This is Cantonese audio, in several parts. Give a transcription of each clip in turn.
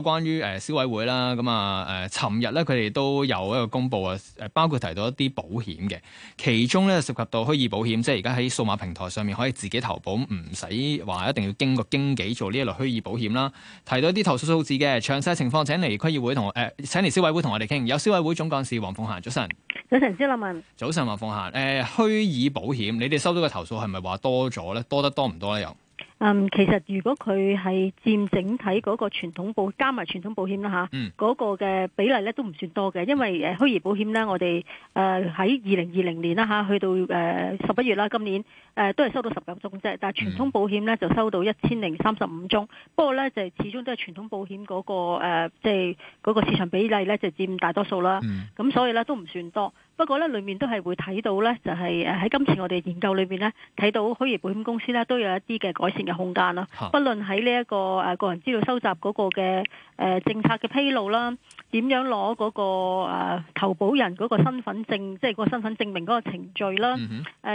關於誒、呃、消委會啦，咁啊誒，尋日咧佢哋都有一個公布啊，包括提到一啲保險嘅，其中咧涉及到虛擬保險，即係而家喺數碼平台上面可以自己投保，唔使話一定要經過經紀做呢一類虛擬保險啦。提到一啲投訴數字嘅，詳細情況請嚟、呃、消委會同誒，請嚟消委會同我哋傾。有消委會總幹事黃鳳嫺，早晨，早晨，張立文，早晨，黃鳳嫺，誒、呃，虛擬保險，你哋收到嘅投訴係咪話多咗咧？多得多唔多咧？又？嗯，其實如果佢係佔整體嗰個傳統保加埋傳統保險啦吓，嗰、啊嗯、個嘅比例咧都唔算多嘅，因為誒、呃，虛擬保險咧，我哋誒喺二零二零年啦吓、啊，去到誒十一月啦，今年誒、呃、都係收到十九宗啫，但係傳統保險咧就收到一千零三十五宗，不過咧就始終都係傳統保險嗰、嗰個誒，即、呃、係、就是嗰個市場比例咧就佔大多數啦，咁、嗯嗯、所以咧都唔算多。不過咧，裏面都係會睇到咧，就係誒喺今次我哋研究裏面咧，睇到虛擬保險公司咧都有一啲嘅改善嘅空間啦。不論喺呢一個誒個人資料收集嗰個嘅、呃、政策嘅披露啦，點樣攞嗰、個、呃、投保人嗰個身份證，即係個身份證明嗰個程序啦，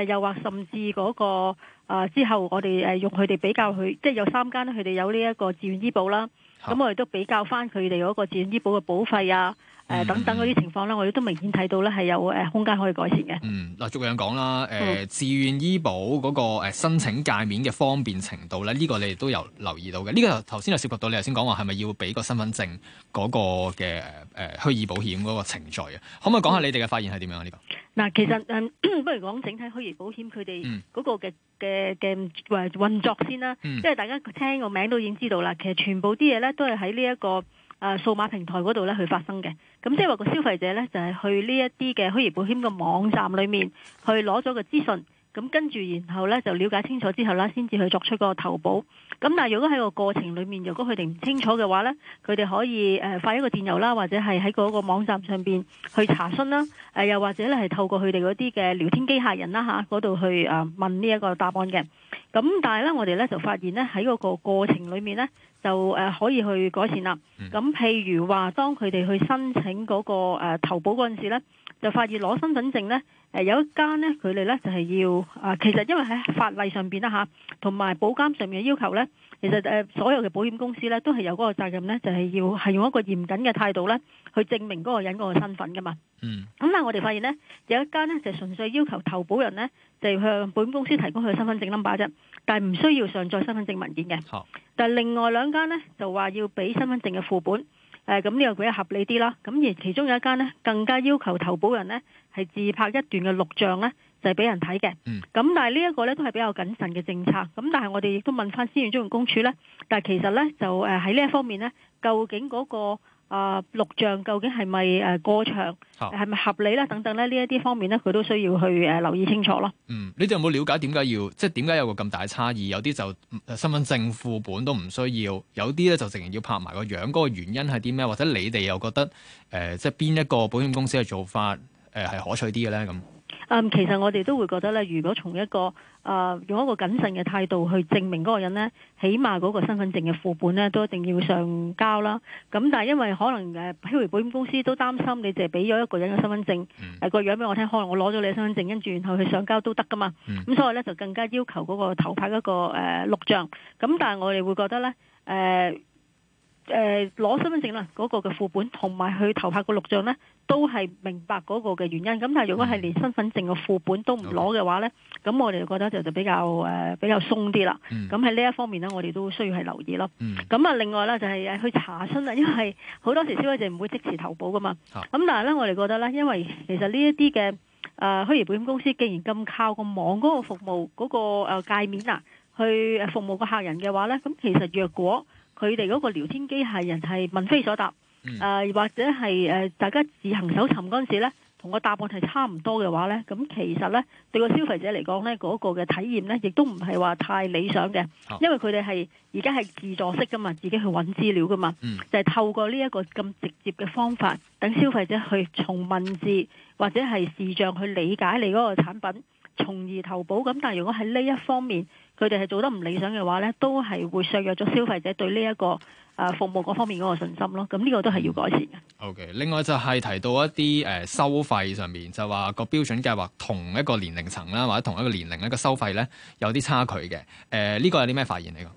又或、嗯哼呃、甚至嗰、個、呃、之後我哋用佢哋比較佢即係有三間佢哋有呢一個自願醫保啦，咁我哋都比較翻佢哋嗰個自願醫保嘅保費啊。誒、嗯、等等嗰啲情況咧，我亦都明顯睇到咧，係有誒空間可以改善嘅。嗯，嗱，逐樣講啦。誒、嗯，自願醫保嗰個申請界面嘅方便程度咧，呢個你哋都有留意到嘅。呢個頭先就涉及到你頭先講話係咪要俾個身份證嗰個嘅誒虛擬保險嗰個程序啊？可唔可以講下你哋嘅發現係點樣啊？呢個嗱，其實、嗯、不如講整體虛擬保險佢哋嗰個嘅嘅嘅誒運作先啦。嗯，因為大家聽個名都已經知道啦，其實全部啲嘢咧都係喺呢一個，誒、啊、數碼平台嗰度咧，去發生嘅，咁即係話個消費者呢，就係、是、去呢一啲嘅虛擬保險嘅網站裏面，去攞咗個資訊，咁跟住然後呢，就了解清楚之後啦，先至去作出個投保。咁但係如果喺個過程裏面，如果佢哋唔清楚嘅話呢，佢哋可以誒、呃、發一個電郵啦，或者係喺嗰個網站上面去查詢啦，呃、又或者咧係透過佢哋嗰啲嘅聊天機械人啦嚇嗰度去、呃、問呢一個答案嘅。咁但係咧，我哋咧就發現咧喺嗰個過程裏面咧，就誒、呃、可以去改善啦。咁譬如話，當佢哋去申請嗰、那個誒、呃、投保嗰陣時咧，就發現攞身份證咧。誒有一間呢，佢哋呢就係要啊，其實因為喺法例上邊啦嚇，同埋保監上面嘅要求呢，其實誒所有嘅保險公司呢都係有嗰個責任呢就係要係用一個嚴謹嘅態度呢去證明嗰個人嗰個身份㗎嘛。嗯。咁但係我哋發現呢，有一間呢就純粹要求投保人呢就向保險公司提供佢身份證 number 啫，但係唔需要上載身份證文件嘅。但係另外兩間呢，就話要俾身份證嘅副本。誒，咁呢個比較合理啲啦，咁而其中有一間呢，更加要求投保人呢係自拍一段嘅錄像呢，就俾人睇嘅。咁但係呢一個呢，都係比較謹慎嘅政策。咁但係我哋亦都問翻私隱專員公署呢，但係其實呢，就誒喺呢一方面呢，究竟嗰個。啊、呃，錄像究竟係咪誒過長，係咪、啊、合理咧？等等咧，呢一啲方面咧，佢都需要去誒、呃、留意清楚咯。嗯，你哋有冇了解點解要，即係點解有個咁大差異？有啲就身份證副本都唔需要，有啲咧就直情要拍埋個樣。嗰、那個原因係啲咩？或者你哋又覺得誒，即係邊一個保險公司嘅做法誒係、呃、可取啲嘅咧？咁嗯，其實我哋都會覺得咧，如果從一個啊、呃，用一個謹慎嘅態度去證明嗰個人呢，起碼嗰個身份證嘅副本呢都一定要上交啦。咁但係因為可能誒，譬、啊、保險公司都擔心，你淨係俾咗一個人嘅身份證，個、嗯呃、個樣俾我聽，可能我攞咗你嘅身份證，跟住然後去上交都得㗎嘛。咁、嗯嗯、所以呢，就更加要求嗰個頭牌嗰個錄、呃、像。咁但係我哋會覺得呢。誒、呃。誒，攞、呃、身份證啦，嗰個嘅副本同埋去投拍個錄像呢，都係明白嗰個嘅原因。咁但係如果係連身份證嘅副本都唔攞嘅話呢，咁 Okay. 我哋覺得就就比較誒、呃、比較鬆啲啦。咁喺呢一方面呢，我哋都需要係留意咯。咁啊、嗯，另外呢，就係、是、去查詢啦，因為好多時消費者唔會即時投保噶嘛。咁、啊、但係呢，我哋覺得呢，因為其實呢一啲嘅誒虛擬保險公司，既然咁靠個網嗰個服務嗰、那個、呃、界面啊，去服務個客人嘅話呢，咁其實若果，佢哋嗰個聊天機械人係問非所答，誒、呃、或者係誒、呃、大家自行搜尋嗰陣時咧，同個答案係差唔多嘅話呢，咁其實呢，對個消費者嚟講呢，嗰、嗰個嘅體驗呢，亦都唔係話太理想嘅，因為佢哋係而家係自助式噶嘛，自己去揾資料噶嘛，就係、係、透過呢一個咁直接嘅方法，等消費者去從文字或者係視像去理解你嗰個產品。從而投保咁，但係如果喺呢一方面佢哋係做得唔理想嘅話呢都係會削弱咗消費者對呢一個誒服務各方面嗰個信心咯。咁呢個都係要改善嘅。OK，另外就係提到一啲誒收費上面，就話個標準計劃同一個年齡層啦，或者同一個年齡一個收費呢，有啲差距嘅。誒、呃、呢、呢個有啲咩發現嚟㗎？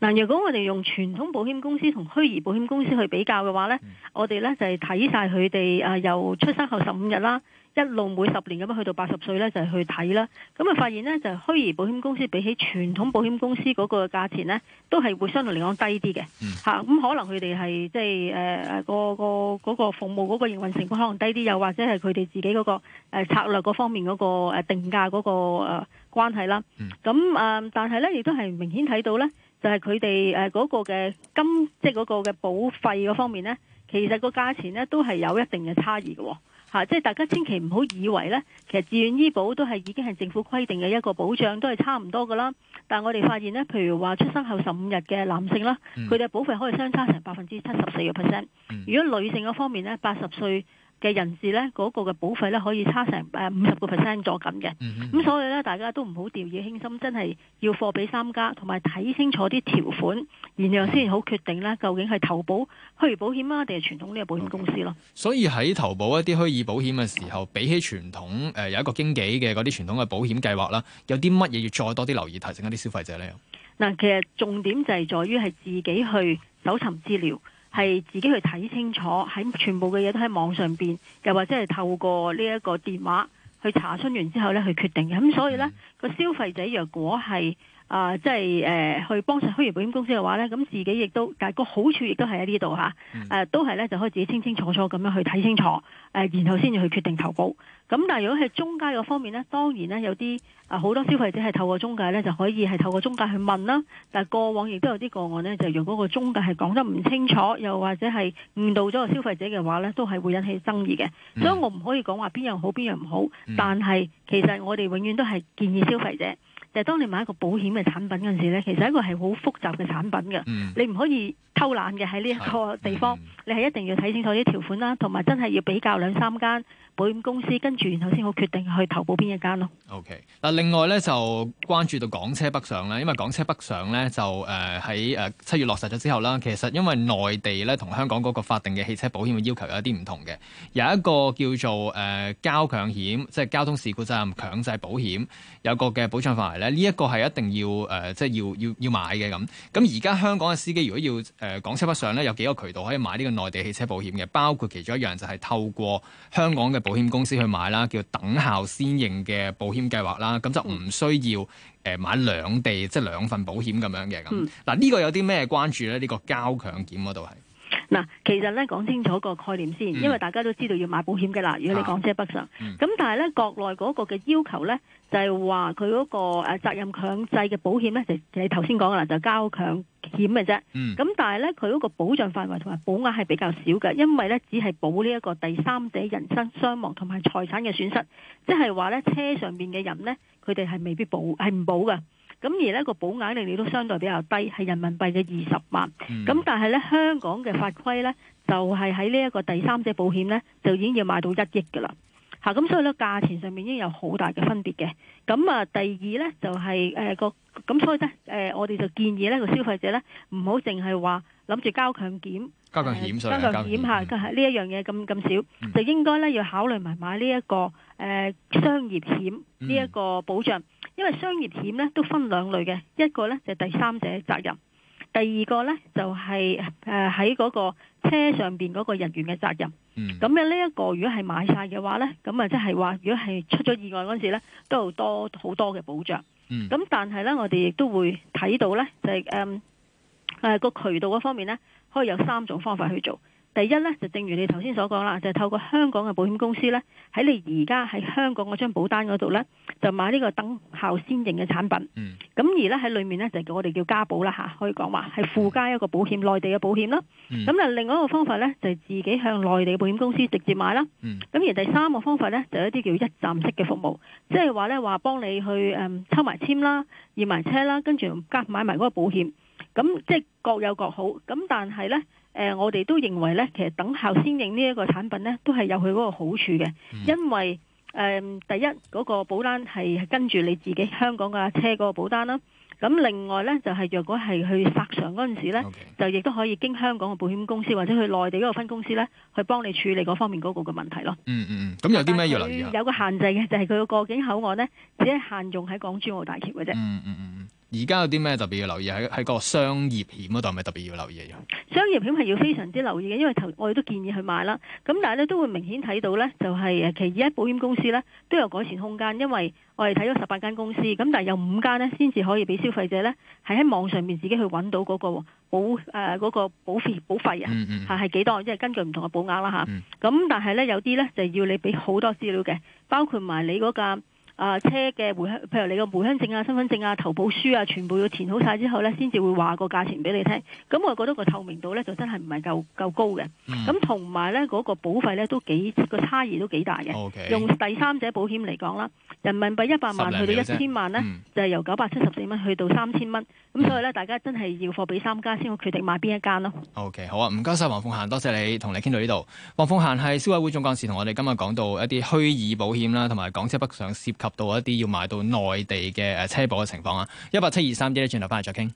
嗱，如果我哋用傳統保險公司同虛擬保險公司去比較嘅話呢、嗯、我哋呢就係睇晒佢哋誒由出生後十五日啦。一路每十年咁樣去到八十歲咧，就係、係、去睇啦。咁啊，發現呢，就係、虛擬保險公司比起傳統保險公司嗰個價錢咧，都係會相對嚟講低啲嘅嚇。咁、嗯嗯、可能佢哋係即係誒誒個、嗰個嗰個服務嗰個營運成本可能低啲，又或者係佢哋自己嗰、嗰個、呃、策略嗰方面嗰個定價嗰、嗰個誒、呃、關係啦。咁誒、嗯呃，但係呢，亦都係明顯睇到呢，就係佢哋誒嗰個嘅金即係嗰個嘅保費嗰方面呢，其實嗰個價錢呢，都係有一定嘅差異嘅，哦。嚇！即係大家千祈唔好以為呢，其實自願醫保都係已經係政府規定嘅一個保障，都係差唔多噶啦。但係我哋發現呢，譬如話出生後十五日嘅男性啦，佢哋嘅保費可以相差成百分之七十四個 percent。如果女性嘅方面呢，八十歲。嘅人士呢，嗰個嘅保費呢，可以差成五十個 percent 咗緊嘅，咁、嗯嗯嗯、所以呢，大家都唔好掉以輕心，真係要貨比三家，同埋睇清楚啲條款，然後先好決定呢，究竟係投保虛擬保險啊，定係傳統呢個保險公司咯。Okay. 所以喺投保一啲虛擬保險嘅時候，比起傳統、呃、有一個經紀嘅嗰啲傳統嘅保險計劃啦，有啲乜嘢要再多啲留意，提醒一啲消費者呢？嗱，其實重點就係在於係自己去搜尋資料。係自己去睇清楚，喺全部嘅嘢都喺網上邊，又或者係透過呢一個電話去查詢完之後呢，去決定嘅。咁、嗯、所以呢，個消費者若果係。啊，即係誒，去幫助虛擬保險公司嘅話咧，咁自己亦都，但係個好處亦、啊、都係喺呢度下誒都係咧，就可以自己清清楚楚咁樣去睇清楚，誒、呃，然後先至去決定投保。咁但係如果係中介個方面咧，當然咧有啲啊好多消費者係透過中介咧，就可以係透過中介去問啦。但係過往亦都有啲個案咧，就用嗰個中介係講得唔清楚，又或者係誤導咗個消費者嘅話咧，都係會引起爭議嘅。所以我唔可以講話邊樣好邊樣唔好，但係其實我哋永遠都係建議消費者。就係當你買一個保險嘅產品嗰陣時咧，其實一個係好複雜嘅產品嘅，你唔可以偷懶嘅喺呢一個地方，你係一定要睇清楚啲條款啦，同埋真係要比較兩三間保險公司，跟住然後先好決定去投保邊一間咯。O K，嗱另外咧就關注到港車北上啦，因為港車北上咧就誒喺誒七月落實咗之後啦，其實因為內地咧同香港嗰個法定嘅汽車保險嘅要求有一啲唔同嘅，有一個叫做誒交強險，即係交通事故責任強制保險，有個嘅保障範圍。呢一個係一定要誒、呃，即係要要要買嘅咁。咁而家香港嘅司機如果要誒講、呃、車北上咧，有幾個渠道可以買呢個內地汽車保險嘅，包括其中一樣就係透過香港嘅保險公司去買啦，叫等效先認嘅保險計劃啦。咁就唔需要誒買兩地、嗯、即係兩份保險咁樣嘅咁。嗱呢、這個有啲咩關注咧？呢、這個交強險嗰度係。嗱，其實咧講清楚個概念先，因為大家都知道要買保險嘅啦。如果你講港車北上，咁但係咧國內嗰個嘅要求咧，就係話佢嗰個誒責任強制嘅保險咧，就你頭先講嘅啦，就交強險嘅啫。咁但係咧佢嗰個保障範圍同埋保額係比較少嘅，因為咧只係保呢一個第三者人身傷亡同埋財產嘅損失，即係話咧車上邊嘅人咧，佢哋係未必保係唔保㗎。咁而呢個保額呢，你都相對比較低，係人民幣嘅二十萬。咁但係呢香港嘅法規呢，就係喺呢一個第三者保險呢，就已經要買到一億㗎啦。嚇咁所以呢，價錢上面已經有好大嘅分別嘅。咁啊第二呢就係誒個，咁所以呢，誒我哋就建議呢個消費者呢，唔好淨係話諗住交強險，交強險，所以交強險嚇，呢一樣嘢咁咁少，就應該呢要考慮埋買呢一個。誒、呃，商業險呢一個保障，嗯、因為商業險咧都分兩類嘅，一個咧就是、第三者責任，第二個咧就係誒喺嗰個車上邊嗰個人員嘅責任。咁嘅呢一個如果係買晒嘅話咧，咁啊即係話如果係出咗意外嗰陣時咧，都有多好多嘅保障。咁、嗯、但係咧，我哋亦都會睇到咧，就係誒誒個渠道嗰方面咧，可以有三種方法去做。第一咧就正如你頭先所講啦，就是、透過香港嘅保險公司咧，喺你而家喺香港嗰張保單嗰度咧，就買呢個等效先認嘅產品。咁、嗯、而咧喺裏面咧就叫我哋叫加保啦、啊、可以講話係附加一個保險，內地嘅保險啦。咁啦、嗯，另外一個方法咧就是、自己向內地嘅保險公司直接買啦。咁、嗯、而第三個方法咧就有一啲叫一站式嘅服務，即係話咧話幫你去、嗯、抽埋簽啦、驗埋車啦，跟住加買埋嗰個保險。咁、嗯、即係各有各好。咁但係咧。誒、呃，我哋都認為咧，其實等效先認呢一個產品咧，都係有佢嗰個好處嘅，嗯、因為誒、呃、第一嗰、那個保單係跟住你自己香港嘅車嗰個保單啦，咁另外咧就係、是、若果係去索償嗰陣時咧，Okay. 就亦都可以經香港嘅保險公司或者去內地嗰個分公司咧，去幫你處理嗰方面嗰個嘅問題咯、嗯。嗯嗯咁有啲咩要留意？佢有個限制嘅就係佢個過境口岸咧，只限用喺港珠澳大橋嘅啫。嗯嗯嗯嗯。而家有啲咩特別要留意？喺喺個商業險嗰度係咪特別要留意？商業險係要非常之留意嘅，因為頭我哋都建議去買啦。咁但係咧都會明顯睇到咧、就係，就係誒其一保險公司咧都有改善空間，因為我哋睇咗十八間公司，咁但係有五間咧先至可以俾消費者咧係喺網上面自己去揾到嗰個保誒嗰、呃嗰個、保費保費啊嚇係幾多？即係、嗯嗯、根據唔同嘅保額啦嚇。咁、嗯、但係咧有啲咧就要你俾好多資料嘅，包括埋你嗰架，啊，車嘅回鄉，譬如你個回鄉證啊、身份證啊、投保書啊，全部要填好晒之後呢，先至會話個價錢俾你聽。咁我覺得個透明度呢，就真係唔係夠夠高嘅。咁同埋呢嗰、嗰個保費呢，都幾個差異都幾大嘅。Okay, 用第三者保險嚟講啦，人民幣一百萬去到一千萬呢，嗯、就係由九百七十四蚊去到三千蚊。咁所以呢，大家真係要貨比三家先會決定買邊一間咯。O、okay, K，好啊，唔該晒。黃鳳嫺，多謝你同你傾到呢度。黃鳳嫺係消委會總幹事，同我哋今日講到一啲虛擬保險啦，同埋港車北上涉。及到一啲要買到內地嘅誒車保嘅情況啊，一八七二三啲咧，轉頭翻嚟再傾。